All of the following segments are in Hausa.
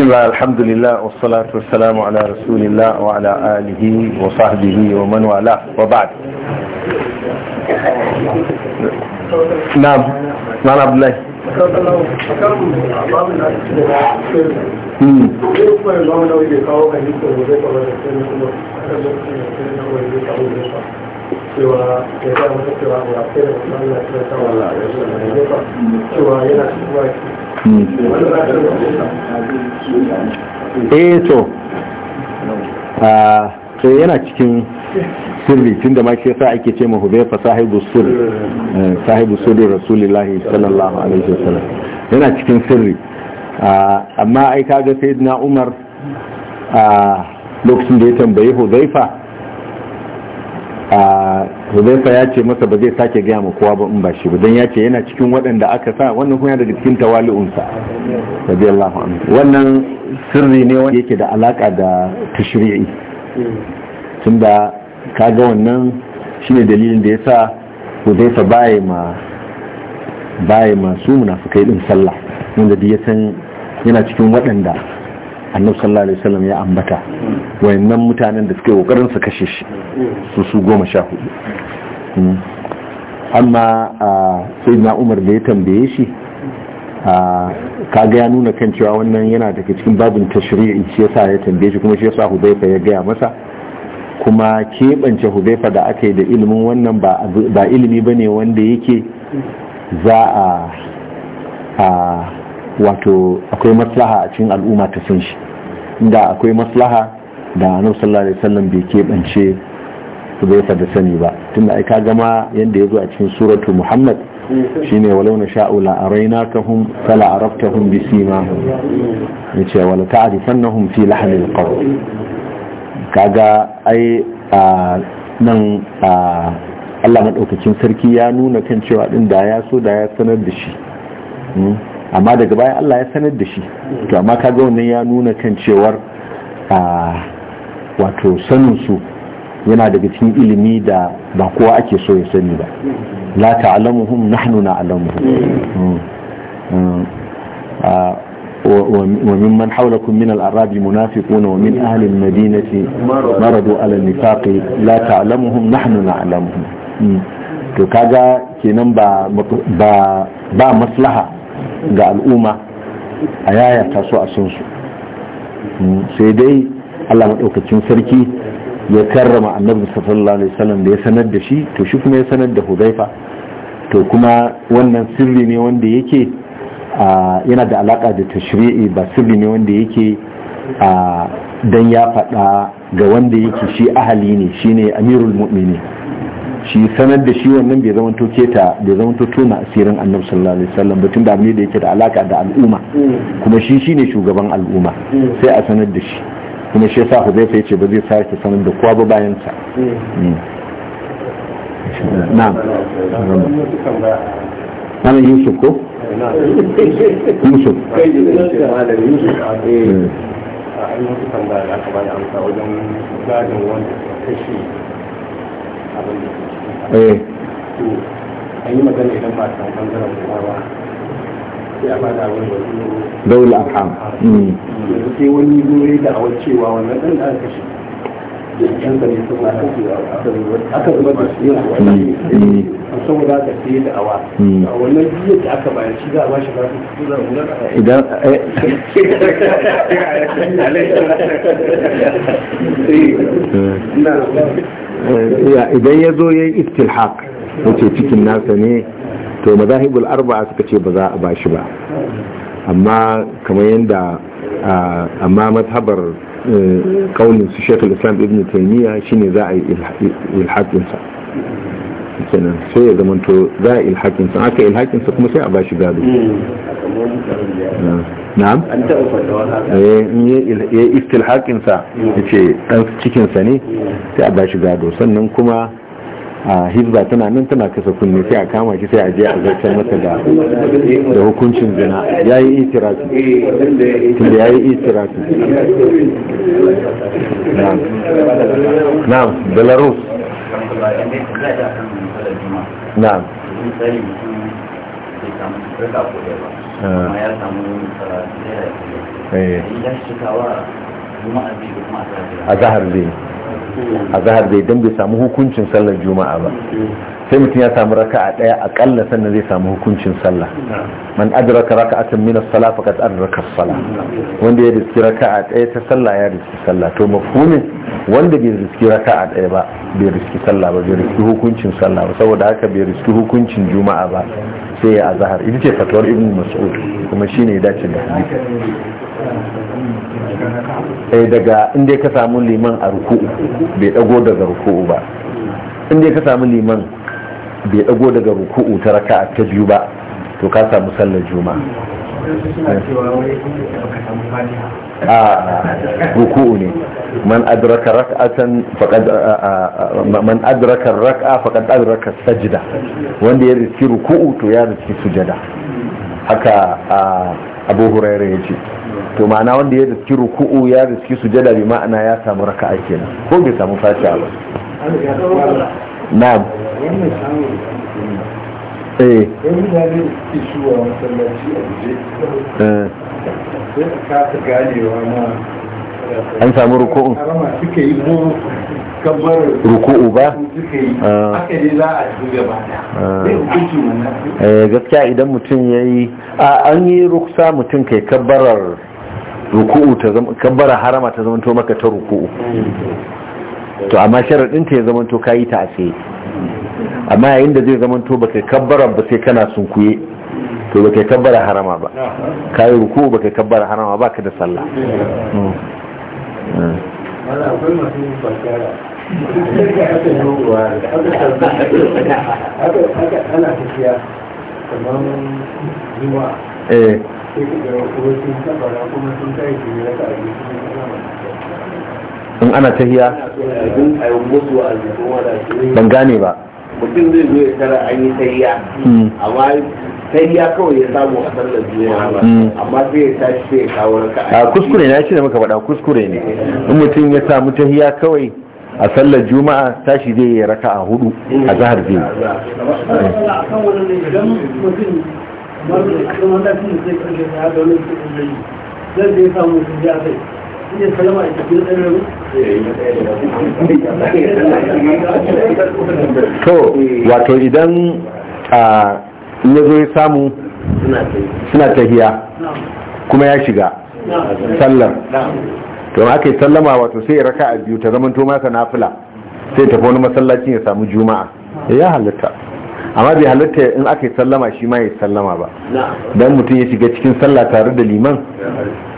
بسم الله الحمد لله والصلاة والسلام على رسول الله وعلى آله وصحبه ومن والاه وبعد نعم نعم عبد الله cewa eh to a ah, to yana cikin sirri tun da ma sa ake ce mahu bai fa sahibu sirri sahibu sirri rasulullahi sallallahu alaihi wasallam yana cikin sirri ah, amma ai kaga sayyidina umar a ah, lokacin da ya tambayi hudhaifa hudaifa ya ce masa ba zai sake gaya ma kowa ba in ba shi ba don ya ce yana cikin waɗanda aka sa wannan kuma daga cikin tawali'unsa radiyallahu anhu wannan sirri ne wanda yake da alaka da tashri'i tunda kaga wannan shine dalilin da yasa hudaifa baya ma baya ma su din sallah wanda da ya yana cikin waɗanda annabi sallallahu alaihi wasallam ya ambata wayannan mutanen da suke kokarin su kashe shi su su goma sha hudu hmm. amma sai na umar da ya tambaye shi kaga ya nuna kan cewa wannan yana daga cikin babin tashri'i shi yasa ya tambaye shi kuma shi yasa hudaifa ya gaya masa kuma keɓance hudaifa da aka yi da ilimin wannan ba ilimi ba ne wanda yake za a wato akwai maslaha a cikin al'umma ta san shi inda akwai maslaha da annabi sallallahu alaihi wasallam bai keɓance sa da sani ba tunda ai ka gama yanda zo a cikin suratu Muhammad shine walau na sha'u la arainakahum fala araftahum bi simahum yace wala ta'rifannahum fi lahnil qawl kaga ai nan Allah madaukakin sarki ya nuna kan cewa din da ya so da ya sanar da shi hmm? amma daga baya Allah ya sanar da shi to amma kaga wannan ya nuna kan cewar wato sanin su yana daga cikin ilimi da ba kowa ake so ya sani ba la ta'lamuhum nahnu na'lamuhum ومن من حولكم من الأعراب منافقون ومن أهل المدينة مرضوا على النفاق لا تعلمهم نحن نعلمهم to kaga kenan ba ba maslaha ga al'umma a yaya taso a sun su hmm, sai dai allah maɗaukacin sarki ya karrama annabi sallallahu alaihi wasallam da ya sanar da shi to shi kuma ya sanar da hudaifa to kuma wannan sirri ne wanda yake yana da alaka da tashri'i ba sirri ne wanda yake dan ya faɗa ga wanda yake shi ahali ne shine amirul mu'minin shi sanar da shi wannan bai zama to keta bai zama to tona asirin annabi sallallahu alaihi wasallam tun da ne da yake da alaka da al'umma mm. kuma shi shine shugaban al'umma mm. sai a sanar da shi kuma shi yasa Hudayfa yace ba zai sake sanar da kowa ba bayan sa mm. na'am ana Yusuf ko? Yusuf. Eh. a yi wasu tambaya da aka bada amsa wajen gadin wanda kashi abin da eh magana idan a hmm. sai wani da awar cewa wannan da aka shi yan hmm. hmm. da aka da shi saboda aka sai da awa a wannan da aka shi za a bashi ba su a idan eh. ina Eh, idan ya zo ya yi istilhaq wace cikin nasa ne to mazahibul arba'a suka ce ba za a bashi ba amma kamar yadda amma mazhabar eh, kaunin su shekul islam ibn taimiyya shine za a yi ilhaqinsa kenan sai ya zama to za a ilhakin sa aka ilhakin sa kuma sai a ba shi gado hmm, na'am an taɓa fadawa eh, ya istilhakin sa hmm. ya ce dan cikin sa ne hmm. sai a ba shi gado sannan kuma a hizba tana nan tana kasa kunne sai a kama shi sai a je a zarce masa da da hukuncin zina ya yi itirafi eh, tunda ya yi itirafi na'am belarus Eh. a zahar zai eh. a zahar zai don bai samu hukuncin sallar juma'a ba eh. sai mutum ya samu raka ɗaya daya akalla sannan zai samu hukuncin sallah man adraka raka'atan min as-salah faqad adraka as-salah wanda ya riski a daya ta sallah ya riski sallah to mafhumin wanda bai riski a daya ba bai riski sallah ba bai riski hukuncin sallah ba saboda haka bai riski hukuncin juma'a ba sai ya azhar ita ce fatwar ibn mas'ud kuma shine ya dace da hadisi sai eh, daga inda ka samu liman a ruku, bai dago daga ruku ba inda ka samu liman bai dago daga ruku'u ta raka'a ta biyu ba to ka samu sallar juma'a a ruku'u ne man adraka rak'atan faqad man adraka rak'a faqad adraka sajda wanda ya riki ruku'u to ya riki sujada haka abu hurairah yace to ma'ana wanda ya riski ruku'u ya riski sujada bi ma'ana ya samu raka'a kenan ko bai samu fatiha ba na'am Eh. Eh. an samu ruku'u ruku'u ba ah. ah. eh, gaskiya idan mutum ya yi an yi ruksa mutum kai kabbarar ruku'u ta zama kabbarar harama ta zama to maka ta ruku'u mm. to amma sharaɗin ta ya zama to kayi ta a tsaye amma yayin da zai zamanto ba kai kabbara ba sai kana sunkuye to ba kai kabbara harama ba kai ruku ba kai kabbara harama ba ka da sallah eh. Eh. in ana tahiya ban gane ba mutum zai zo ya tara an yi tayya hmm. amma tayya kawai ya samu a sallar juma'a ba hmm. amma sai ya tashi sai ya kawo raka a kuskure na shi da muka faɗa kuskure ne in mutum ya samu tayya kawai a sallar juma'a tashi zai yi raka a hudu a zahar zai zai to wato idan a ya zo ya samu suna tahiya kuma ya shiga sallar to aka yi sallama wato sai ya raka a biyu ta zaman to masa nafila sai tafi wani masallacin ya samu juma'a eh, ya halitta amma bai halitta in aka yi sallama shi ma ya sallama ba don mutum ya shiga cikin sallah tare da liman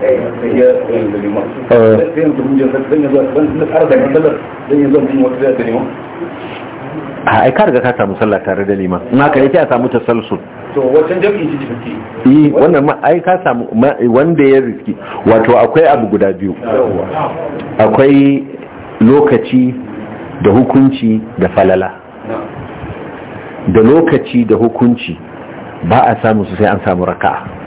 a ai ka riga ka samu sallah tare da liman na ka yake a samu tasalsul to wancan jami'in ji jiki eh wannan ma ai ka samu wanda ya riski wato akwai abu guda biyu akwai lokaci da hukunci da falala da lokaci da hukunci ba a samu su sai an samu raka'a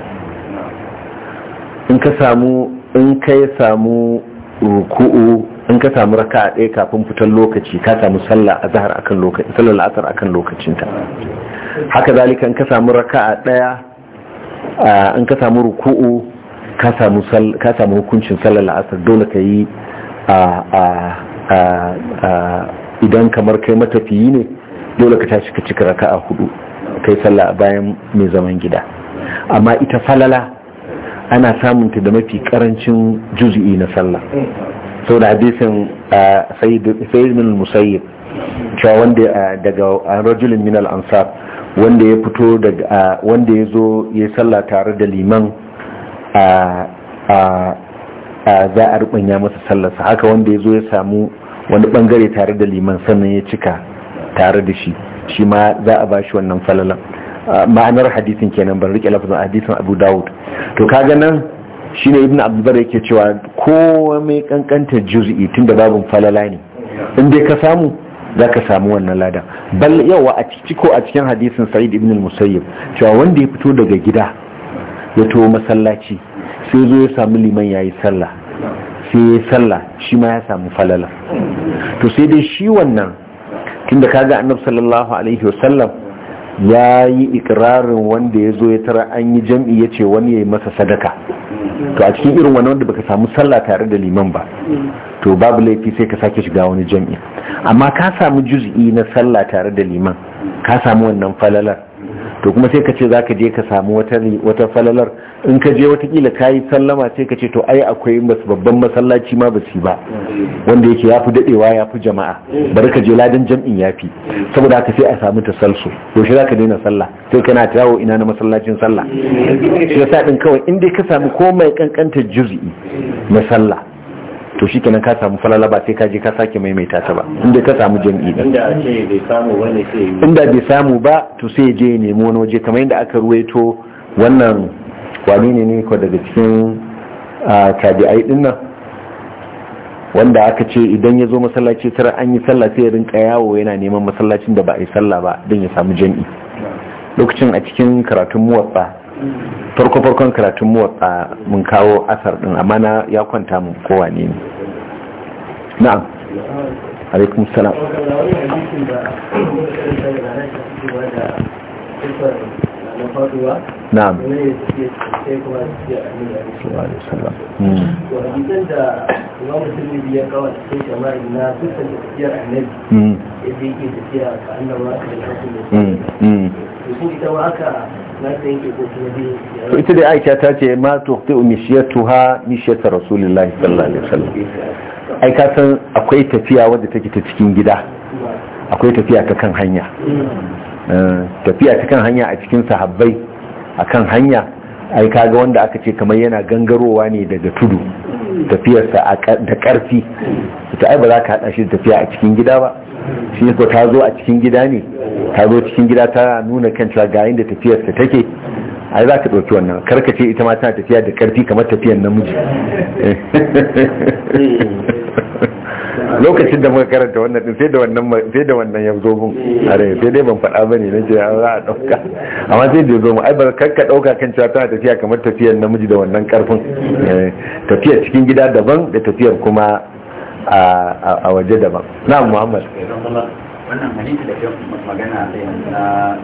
in ka samu in yi samu ruku'u in ka samu raka ɗaya kafin fitar lokaci ka samu sallah a zahar akan lokaci sallar la'asar akan lokacinta haka zalika in ka samu raka a ɗaya in ka samu ruku'u ka samu hukuncin sallar la'asar dole ka yi idan kamar kai matafiyi ne dole ka tashi ka cika raka a hudu kai sallah bayan mai zaman gida amma ita falala ana samun ta da mafi karancin juzi'i na sallah sau da hadisin sayyidin musayyib cewa wanda daga rajulin min al-ansar wanda ya fito daga wanda ya zo ya sallah tare da liman za a rubanya masa sallarsa haka wanda ya zo ya samu wani bangare tare da liman sannan ya cika tare da shi shi ma za a ba shi wannan falalan ma'anar hadisin kenan ban rike lafazin hadisin abu dawud to kaga nan shine Ibn abdulbar yake cewa kowa mai kankanta juz'i tunda babin falala ne in dai ka samu za ka samu wannan ladan bal yawa a ciki ko a cikin hadisin sa'id ibn al-musayyib cewa wanda ya fito daga gida ya to masallaci sai zo ya samu liman yayi sallah sai ya sallah shi ma ya samu falala to sai dai shi wannan tunda kaga annabi sallallahu alaihi wasallam ya yi ikirarin wanda ya zo ya tara an yi jam'i ya ce wani ya yi masa sadaka to a cikin irin wani wanda baka samu sallah tare da liman ba to babu laifi sai ka sake shiga wani jam'i amma ka samu juz'i na sallah tare da liman ka samu wannan falalar to kuma sai ka ce za ka je ka samu wata falalar in ka je watakila ka yi sallama sai ka ce to ai akwai babban masallaci ma ba ba wanda yake ya fi daɗewa ya fi jama'a bari ka je ladan jam'in ya fi saboda haka sai a samu tasalsu yaushe za ka daina sallah sai kana yawo ina na masallacin sallah shi yasa din kawai in dai ka samu mai kankanta juz'i na sallah to shi kenan ka samu falala ba sai ka je ka sake maimaita ta ba inda ka samu jam'i din inda bai samu ba to sai je nemi wani waje kamar yadda aka ruwaito wannan wani ne ko daga cikin tabi'ai din wanda aka ce idan ya zo masallaci tara an yi sallah sai ya rinka yawo yana neman masallacin da ba a yi sallah ba don ya samu jami'i lokacin a cikin karatun muwatsa farko farkon karatun muwatsa mun kawo asar din amma na ya kwanta mun kowa ne na'am alaikum salam na'am to ita dai aisha ta ce ma tuqti mishiyatuha mishiyatu rasulillahi sallallahu alaihi wasallam ai ka san akwai tafiya wadda take ta cikin gida hmm. akwai tafiya ta kan hanya hmm. Eh, tafiya ta kan hanya a cikin sahabbai kan hanya ai kaga wanda aka ce kamar yana gangarowa ne daga tudu tafiyarsa da ƙarfi ta ai ba za ka haɗa shi tafiya a cikin gida ba shi ko ta zo a cikin gida ne ta zo cikin gida ta nuna kan cewa ga inda tafiyarsa take ai za ka ɗauki wannan karka ce ita ma tana tafiya da ƙarfi kamar tafiyar namiji lokacin da muka karanta wannan din sai da wannan sai da wannan ya zo mun are sai dai ban faɗa bane nace ah, za a dauka amma sai da zo mu ai bar kanka dauka kan cewa tana tafiya kamar tafiyar namiji da wannan karfin eh, tafiyar cikin gida daban da tafiyar kuma a waje daban na muhammad wannan hadisi da kan magana sai na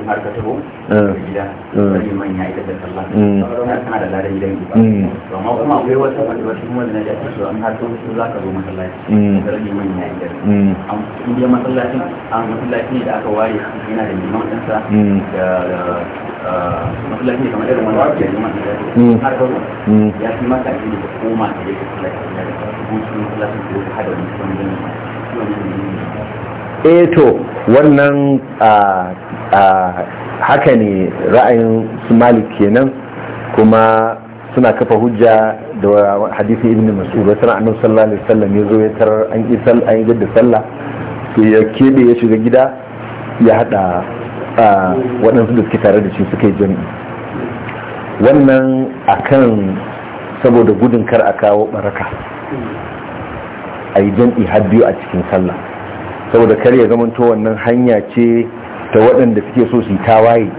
harka tabo gida da man ya ita da sallah saboda kana da ladan gidan ki to amma kuma akwai wata wata kuma da na da su an har to su za ka zo masallaci sai man ya ita an inda masallacin an masallacin da aka ware yana da liman ɗansa da masallaci kamar irin wani wata da masallaci har kawo ya fi masa ne da koma da yake masallaci da masallacin da hada wani kuma wani eh to wannan haka ne ra'ayin su malik kenan kuma suna kafa hujja da hadisi ibn mas'ud wasu annabi sallallahu alaihi wasallam ya zo ya tarar an yi sallah an da sallah sai ya kebe ya shiga gida ya hada waɗansu da suke tare da shi suka yi jami'i wannan akan saboda gudun kar a kawo baraka ayi yi jami'i har biyu a cikin sallah saboda kar ya zama wannan hanya ce ta waɗanda suke so su tawaye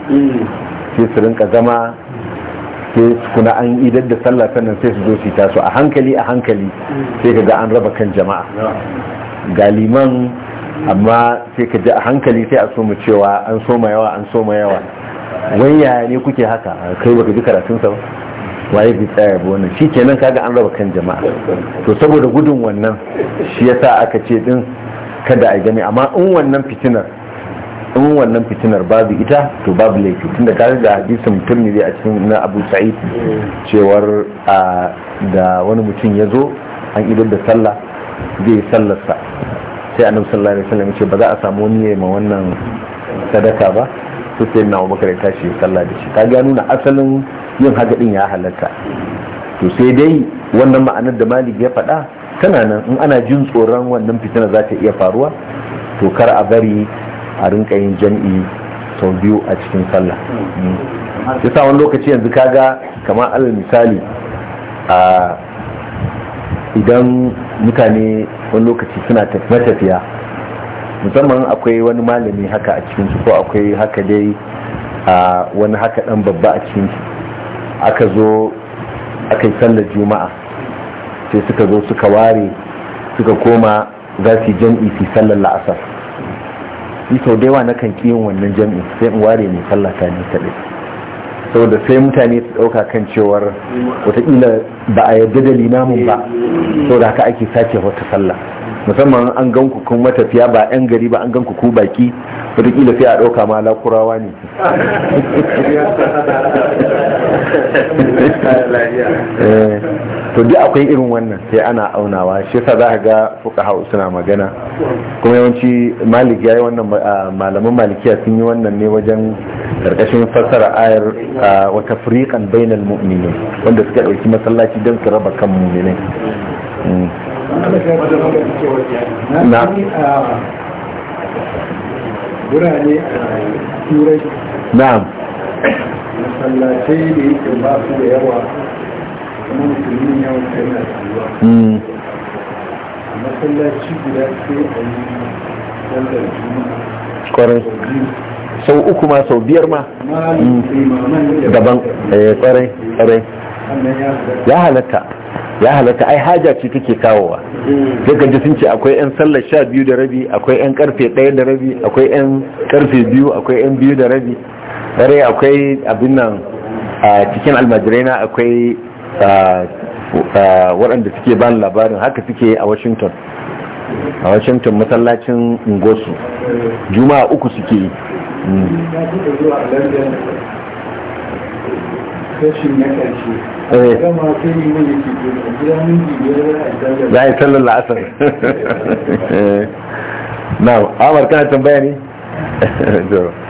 sai su rinka zama sai kuna an idar da sallah sannan sai su zo su taso a hankali a hankali sai ka ga an raba kan jama'a ga amma sai ka ji a hankali sai a soma cewa an soma yawa an soma yawa wai yaya ne kuke haka kai baka ji karatunsa ba waye bi tsaya ba wannan shi kenan kaga an raba kan jama'a to saboda gudun wannan shi yasa aka ce din kada a gani amma in wannan fitinar in wannan fitinar babu ita to babu laifi tunda ka da hadisin ne a cikin na abu sa'id cewar da wani mutum ya zo an idar da sallah zai sallarsa sai annabi sallallahu alaihi wasallam ce ba za a samu wani ma wannan sadaka ba su sai na abubakar ya tashi sallah da shi ka ga nuna asalin yin haka din ya halatta to sai dai wannan ma'anar da malik ya faɗa tana nan in ana jin tsoron wannan fitina za ta iya faruwa to kar a bari a rinka yin jam'i sau biyu a cikin sallah mm. ya sa wani lokaci yanzu kaga kamar alal misali a idan mutane wani lokaci suna matafiya musamman akwai wani malami haka a cikinsu ko akwai haka dai a wani haka dan babba a cikinsu aka zo aka yi sallar juma'a sai suka zo suka ware suka koma za su jam'i su sallar la'asar ni sau da yawa na kan kiyon wannan jam'i sai in ware mai sallah ta ne kaɗai saboda sai mutane su ɗauka kan cewar wataƙila ba a yarda da limamin ba saboda haka ake sace wata sallah musamman an gan ku kun matafiya ba yan gari ba an gan ku ku baki wataƙila sai a ɗauka ma lakurawa ne eh. to duk akwai irin wannan sai ana aunawa shi yasa za ga hau suna magana kuma yawanci malik ya yi wannan ah, malaman malikiya sun yi wannan ne wajen karkashin fassara ayar ah, wata firikan bainal mu'mini wanda suka dauki masallaci don su raba kan mu'mini hmm. na burane a turai na'am da yake ba da yawa Hmm. masallaci guda yi kwarai sau uku ma sau biyar ma hmm. daban eh, kwarai kwarai ya halatta ya halatta ai haja ce kake kawowa daga hmm. ji ce akwai 'yan sallar sha biyu da rabi akwai 'yan karfe ɗaya da rabi akwai 'yan karfe biyu akwai 'yan biyu da rabi bare akwai abin nan a cikin almajirai na akwai waɗanda suke bani labarin haka suke a washington a washington masallacin ngosu juma'a uku suke yi hmm. eh. za a yi tallar la'asar eh. na amurka tambaya ne